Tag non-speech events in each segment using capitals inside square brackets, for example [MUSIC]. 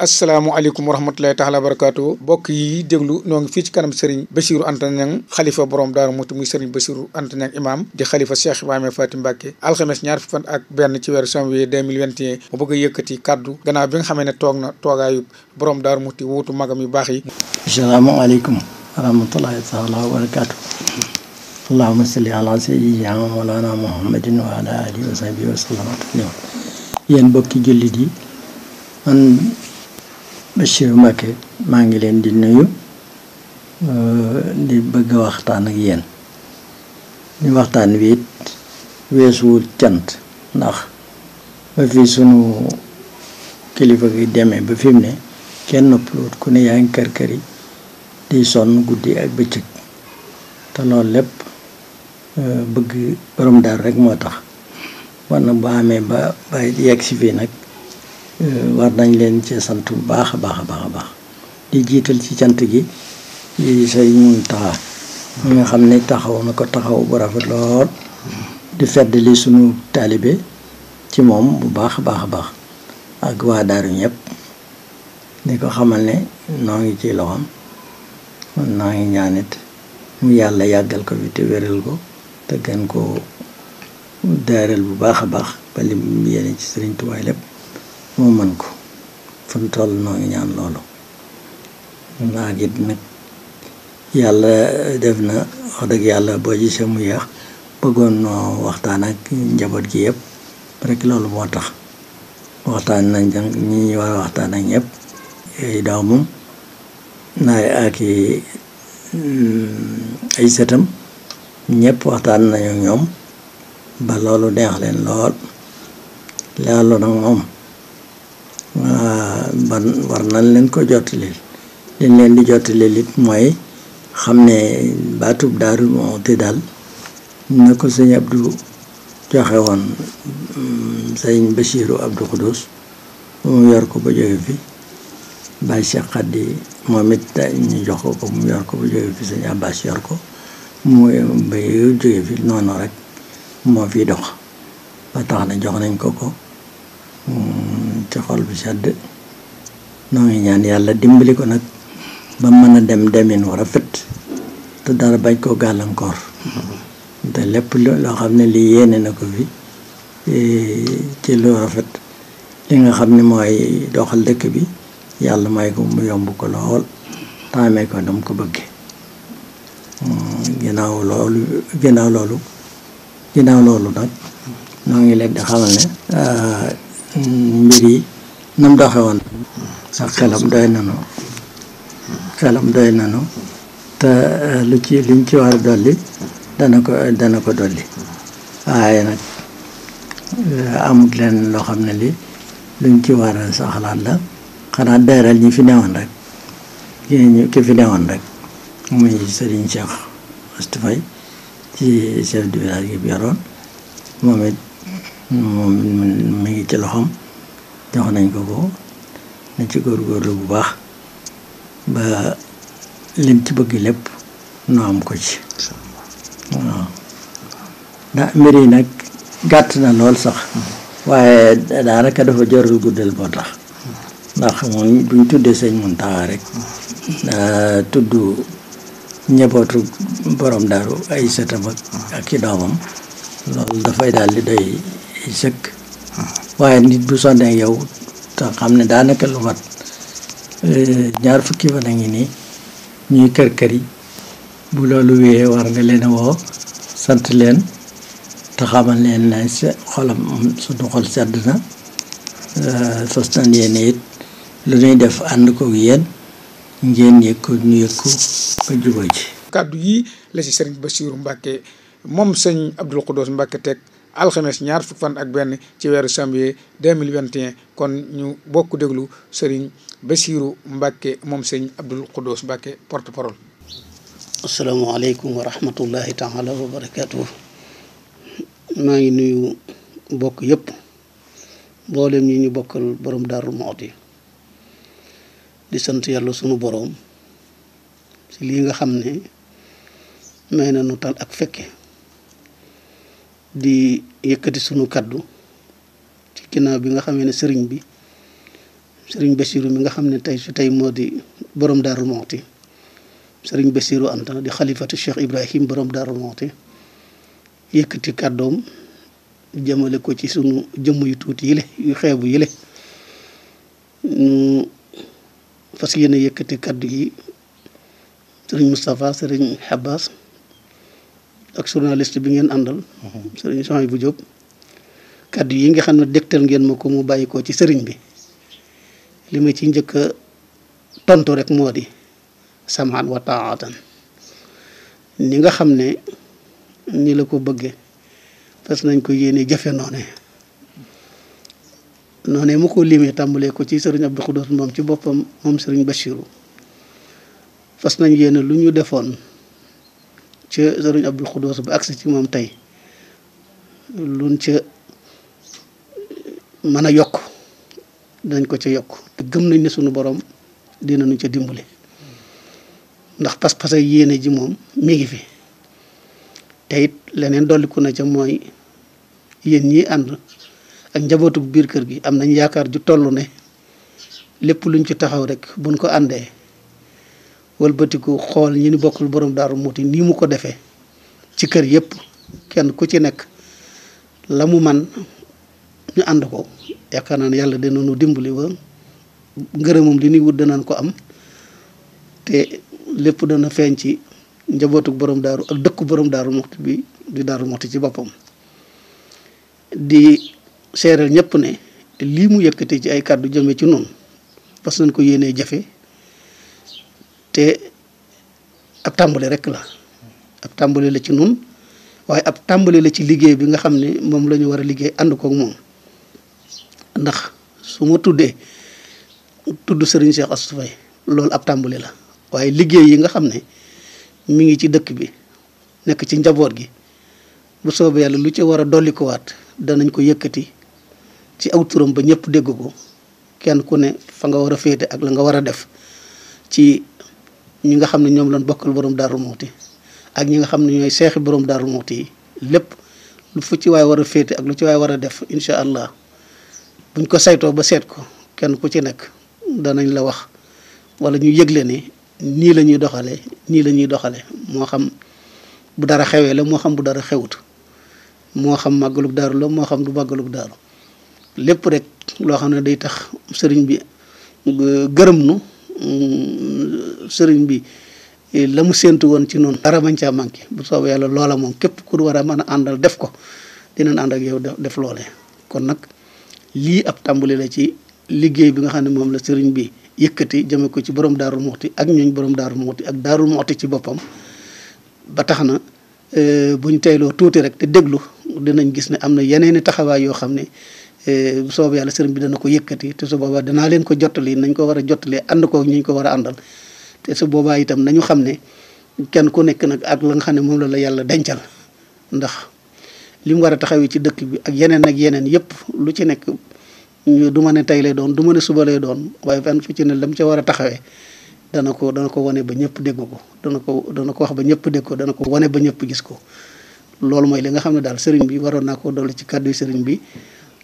asalaamualeykum wa rahmatulahi taala wa barakaatu bokk yi déglu noo ngi ci kanam Serigne Bassirou Anta Niang xalifa borom Daaru Muxti muy Serigne Bassirou Anta Niang di xalifa Cheikh Ibrahima Faty Mbacké alxames ñaar fukk fan ak benn ci weeru janvier 2021 mu bëgg a kàddu kaddu gannaaw bi nga xamee ne toog na toogaayu borom Daaru Muxti wuutu magam yu baax yi asalaamaaleykum wa rahmatulahi taala wa jullit yi Bassirou Mbacké maa ngi leen di nuyu di bëgg waxtaan ak yéen ñu waxtaan wi it weesuwul cant ndax ba fi sunu kilifa gi demee ba fi ne kenn noppaluwut ku ne yaa ngi kër kër yi di sonn guddi ak bëccëg te loolu lépp e, bëgg borom daal rek moo tax war na bu amee ba ba yegg si fii nag Euh, war nañ leen cee sant bu baax a baax a baax a baax di jiital ci cant gi di say mun taxa mi nga xam ne taxaw na ko taxaw bu rafet lool di feddali sunu taalibe ci moom bu baax a baax a baax ak waa daaru ñëpp di ko xamal ne noo ngi ciy ci loxoom noo ngi ñaanit mu yàlla yàggal ko fi te wéral ko te gën ko daaral bu baax a baax ba lim yéene ci Sëriñ Tuubaa lépp moo mën ko fan toll noo ngi ñaan loolu maa ngi nag yàlla def na wax dëgg yàlla boo gisee mu yéex bëggoon noo waxtaan ak njaboot gi yëpp rek loolu moo tax waxtaan nañ jàng ñi ñu war waxtaan ak ñëpp ay doomam naay ak mm, ay sëtam ñëpp waxtaan nañu ñoom ba loolu neex leen lool loolu nag moom ban euh, war nan leen ko jottalil liñ leen di jottalil it mooy xam ne baatub daaru moo te daal na ko sëñ Abdou joxe woon ab mm, Bachiru Abdou Khoudous mu yor ko ba jóge fi Baye Cheikh Khadi moom it ñu jox ko ko mu yor ko ba jóge fi sëñ Abbas yor ko mu ba jóge fi noonu rek moo fi dox ba tax na jox nañ ko ko xol bu sedd noo ngi ñaan yàlla dimbali ko nag ba mën a dem demin rafet te dara bañ koo gàllankoor te lépp loo xam ne lii yéene na ko fi e, ci lu rafet li nga xam ne mooy doxal dëkk bi yàlla may ko mu yomb ko lool taamee ko dam ko bëgge mm, ginnaaw loolu ginnaaw loolu ginnaaw loolu nag noo leen di xamal ne ah, mbir yi na mu doxe woon ndax xelam doy nanu xelam doy nanu te eh, lu ci liñ ci war a dolli dana ko dolli waaye nag eh, amut leen loo xam ne li luñ ci war sa xalaat la xanaa deeral ñi fi newoon rek ki fi newoon rek muy Serigne Cheikh Astou ci chef du village gi bi yoroon moom it moom ngi ci loxoom jox nañ ko ko nañ ci góorgóorlu bu baax ba lim ci bëgg lépp nu am ko ci waaw ndax mbir nag gàtt na lool sax waaye daanaka dafa jarul guddal boo tax ndax moom buñ tuddee sëñ Muntaxa rek tudd ñebootu borom daaru ay sëtam ak i doomam loolu dafay daal di doy sëkk waaye nit bu sonnee yow te xam ne daanaka lu mat eh, ñaar fukki fan a ngi nii ñuy kër kër yi bu loolu wéyee war nga leen woo sant leen te xamal leen ne si xolam suñu xol sedd na fas eh, nañ yéen it lu ñuy def ànd koog yéen ngeen yëg ko ñu yëg ko ba jubóo ji. kàddu yi la si sëriñ Bassirou Mbacke moom sëñ Abdoul Khoudous Mbacke teg. alxames ñaar fukk fan ak benn ci weeru janvier 2021 kon ñu bokk déglu sëriñ Bassirou Mbacke moom sëñ Abdoul Khoudous Mbacke porte parole. asalaamaaleykum wa rahmatullahi taala wa barakaatu. ngi nuyu bokk yépp mboolem ñi ñu bokkal borom Darou Mouhty di sant yàlla sunu borom si lii nga xam ne may na nu tal ak fekke. di yëkkati sunu kàddu ci ginnaaw bi nga xamee ne sëriñ bi sëriñ Bassirou mi nga xam ne tey su tey moo di borom Darou Mouhty sëriñ Bassirou Anta di xalifatu Cheikh Ibrahim boroom Darou Mouhty yëkkati kàddoom jëmale ko ci sunu jëmm yu tuuti yile yu xeebu yile ñu fas yéene yëkkati kaddu yi sëriñ Moustapha sëriñ Abbas ak journaliste bi ngeen àndal. sëriñ Soxna bu Diop. kaddu yi nga xam ne dégtal ngeen ma ko mu bàyyi ko ci sëriñ bi li ma ci njëkk a tontu rek moo di samaan wa taatan ni nga xam ne ni la ko bëgge fas nañ ko yéene jafe noone noone mu ko limee tàmbalee ko ci sëriñ Abdou Khoudous moom ci boppam moom sëriñ Bachirou fas nañ yéene lu ñu defoon. ca sëriñ Abdul Xudoos ba agsi ci moom tey luñ ca mën a yokk dañ ko ca yokk te gëm nañ ne sunu borom dinañu ca dimbali ndax pas-pas ak yéene ji moom mi ngi fi te it leneen dolliku na ca mooy yéen ñi ànd ak njabootu biir kër gi am nañ yaakaar ju toll ne lépp luñ ci taxaw rek buñ ko àndee wëlbatiku xool ñi ni bokkul boroom daaru muuti nii mu ko defee ci kër yëpp kenn ku ci nekk la mu man ñu ànd ko yaakaar naa ne yàlla dina nu dimbali ba ngërëmam li ñuy wut danaan ko am te lépp dana feeñ ci njabootu borom daaru ak dëkku boroom daaru muxti bi di daaru muxti ci boppam di seeral ñëpp ne lii mu yëkkati ci ay kàddu jëme ci noonu parce que nañ ko yéenee jafe te ab tàmbali rek la ab tàmbali la ci nun waaye ab tàmbali la ci liggéey bi nga xam ne moom lañu war a liggéey ànd koog moom ndax su ma tuddee tudd sëriñ Cheikh Astou Faye loolu ab tàmbali la waaye liggéey yi nga xam ne mu ngi ci dëkk bi nekk ci njaboot gi bu soobee yàlla lu ci war a dolli ko danañ ko yëkkati ci aw turam ba ñëpp dégg ko kenn ku ne fa nga war a féete ak la nga war a def ci ñi nga xam ne ñoom lañ bokkal borom Daaru Muxti ak ñi nga xam ne ñooy seexi borom Daaru Muxti yi lépp lu fu waay war féete ak lu ci waay war a def incha allah buñ ko saytoo ba seet ko kenn ku ci nekk danañ la wax wala ñu yëgle ni nii la ñuy doxalee nii la ñuy doxalee moo xam bu dara xewee la moo xam bu dara xewut moo xam màggalug daaru moo xam du màggalug daaru lépp rek loo xam ne day tax sëriñ bi uh, gërëm nu Euh, sëriñ bi eh, la mu séntu woon ci noonu dara bañ caa manqué bu soobee yàlla loola moom képp ku war a mën a àndal def ko dinañ ànd ak yow def loole kon nag lii ab tàmbali la ci liggéey bi nga xam ne moom la sëriñ bi yëkkati jëme ko ci borom daarul muxti ak ñu borom daarul muxti ak daarul muxti ci boppam ba tax na euh, buñ teyloo tuuti rek te déglu dinañ gis ne am na yeneeni taxawaay yoo xam ne Eh, bu soobee yàlla sëriñ bi dana ko yëkkati te su boobaa danaa leen ko jottali nañ ko war a jottalee ànd ko ñu ko war a àndal te su boobaa itam nañu xam ne kenn ku nekk nag ak la nga xam ne moom la yàlla dencal ndax li mu war a taxawee ci dëkk bi ak yeneen ak yeneen yëpp lu ci nekk ñu du ma ne tey lay doon du ma ne suba lay doon waaye fenn fu ci ne lam ca war a taxawee dana ko dana ko wane ba ñëpp dégg ko dana ko dana ko wax ba ñëpp dégg ko dana ko wane ba ñëpp gis loolu mooy li nga xam ne daal sëriñ bi waroon naa ko dolli ci kàddu sëriñ bi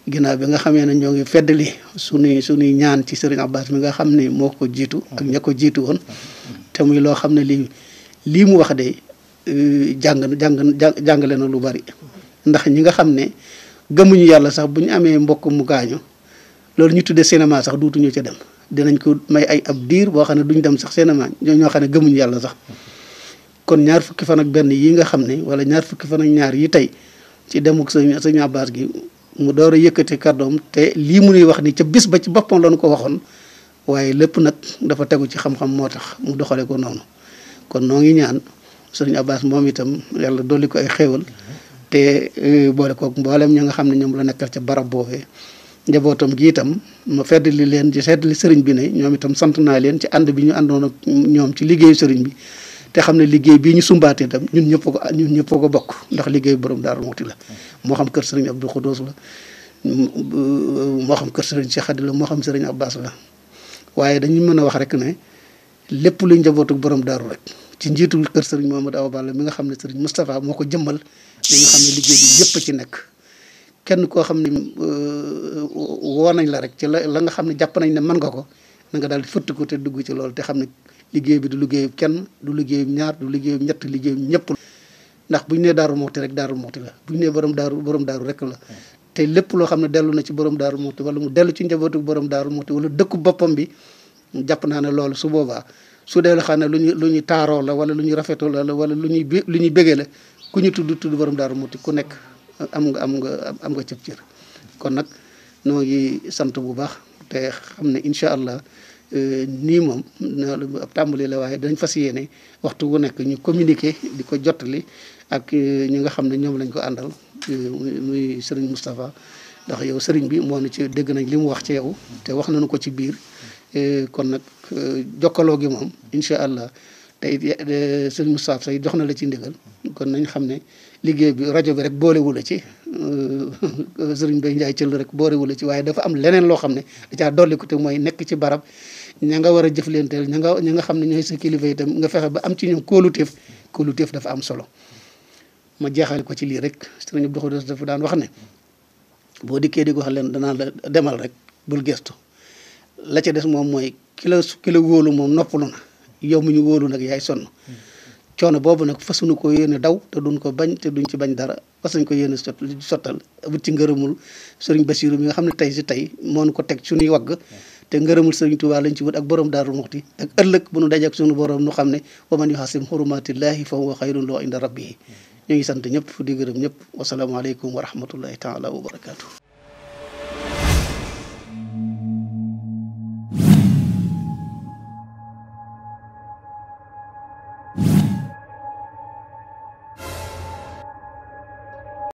ginnaaw bi nga xamee ne ñoo ngi feddali sunuy sunuy ñaan ci Serigne Abbas bi nga xam ne moo ko jiitu ak ña ko jiitu woon te muy loo xam ne lii lii mu wax de euh, jàng jàng jàngale na lu bari ndax ñi nga xam ne gëmuñu yàlla sax bu amee mbokk loolu ñu tuddee cinéma sax duutuñu ca dem dinañ ko may ay ab diir boo xam ne duñ dem sax cinéma ñoo ñoo xam ne gëmuñu yàlla sax kon ñaar fukki fan ak benn yi nga xam ne wala ñaar fukki fan ak ñaar yi tey ci demuk sëñ sëñ gi mu door a yëkkati kàddoom te lii mu nuy wax ni ca bis ba ci boppam lañu ko waxoon waaye lépp nag dafa tegu ci xam-xam moo tax mu doxale ko noonu kon noo ngi ñaan sëriñ Abbas moom itam yàlla dolli ko ay xéewal te eh, boole kook mboolem ñi nga xam ne ñoom la nekkal ca barab boobee njabootam gi itam ma li leen ci seddali sëriñ bi ne ñoom itam sant naa leen ci ànd bi ñu àndoon ak ñoom ci liggéeyu sëriñ bi te xam ne liggéey bii ñu sumbaatee tam ñun ñëpp ko ñun ñëpp ko bokk ndax liggéey borom Daaru Muxti la moo xam kër sëriñ Abdou Khoudous la moo xam kër sëriñ Cheikh Khady la moo xam sëriñ Abbas la waaye dañuy mën a wax rek ne lépp luy njabootu borom daaru rek ci njiitu kër sëriñ Mamadou Awa Balla mi nga xam ne sëriñ Moustapha moo ko jëmmal dañu xam ne liggéey bi yëpp ci nekk kenn koo xam ne woo nañ la rek ci la la nga xam ne jàpp nañ ne mën nga ko na nga daal fëtt ko te dugg ci loolu te xam liggéey bi du liggéeyu kenn du liggéeyu ñaar du liggéeyu ñett liggéeyu ñëpp ndax bu ñu nee daaru moxti rek daaru moxti la bu ñu nee borom daaru borom daaru rek la te lépp loo xam ne dellu na ci borom daaru moxti wala mu dellu ci njabootu borom daaru moxti wala dëkku boppam bi jàpp naa ne loolu su boobaa su dee loo xam ne lu ñu lu ñu taaroo la wala lu ñu rafetoo la wala lu ñuy lu ñuy bégee la ku ñu tudd tudd borom daaru moxti ku nekk am nga am nga am nga cëb cër kon nag noo sant bu baax xam ne incha allah Euh, nii moom ab tàmbali la waaye dañ fas yéene waxtu wu nekk ñu communiquer di ko jottali ak euh, ñi nga xam ne ñoom lañ ko àndal euh, muy sëriñ Moustapha ndax yow sëriñ bi moo ne ci dégg nañ li mu wax ci yow te wax nañu ko ci biir kon nag jokkaloo gi moom incha allah tey sëriñ Moustapha say jox na la ci ndigal kon nañ xam ne liggéey bi rajo bi rek boolewu la ci sëriñ [LAUGHS] Bay Njaay cëll rek boolewu la ci waaye dafa am leneen loo xam ne da caa te mooy nekk ci barab ña nga war a jëflanteel ña nga ña nga xam ne ñooy sa kilifa itam nga fexe ba am ci ñoom kóoluteef kóoluteef dafa am solo ma jeexale ko ci lii rek sëriñ Abdou Khoudoss dafa daan wax ne boo dikkee ko wax leen danaa la demal rek bul gestu la ca des moom mooy ki la ki moom noppalu yow mi ñu wóolu nag yaay sonn boobu nag fasuñu ko yéene daw te duñ ko bañ te duñ ci bañ dara fasuñ ko yéene sot sottal wut ci ngërëmul sëriñ Basiru mi nga xam ne tey si tey moonu ko teg suñuy wagg te ngërëmul sëriñ Tuubaa lañ ci wut ak borom daaru muxti ak ëllëg bu nu dajak suñu borom nu xam ne wa man yuhasim xurumatillahi fa huwa xayrun loo inda rabbihi ñu ngi sant ñëpp di gërëm ñëpp wasalaamaaleykum wa rahmatullahi taala wa barakaatu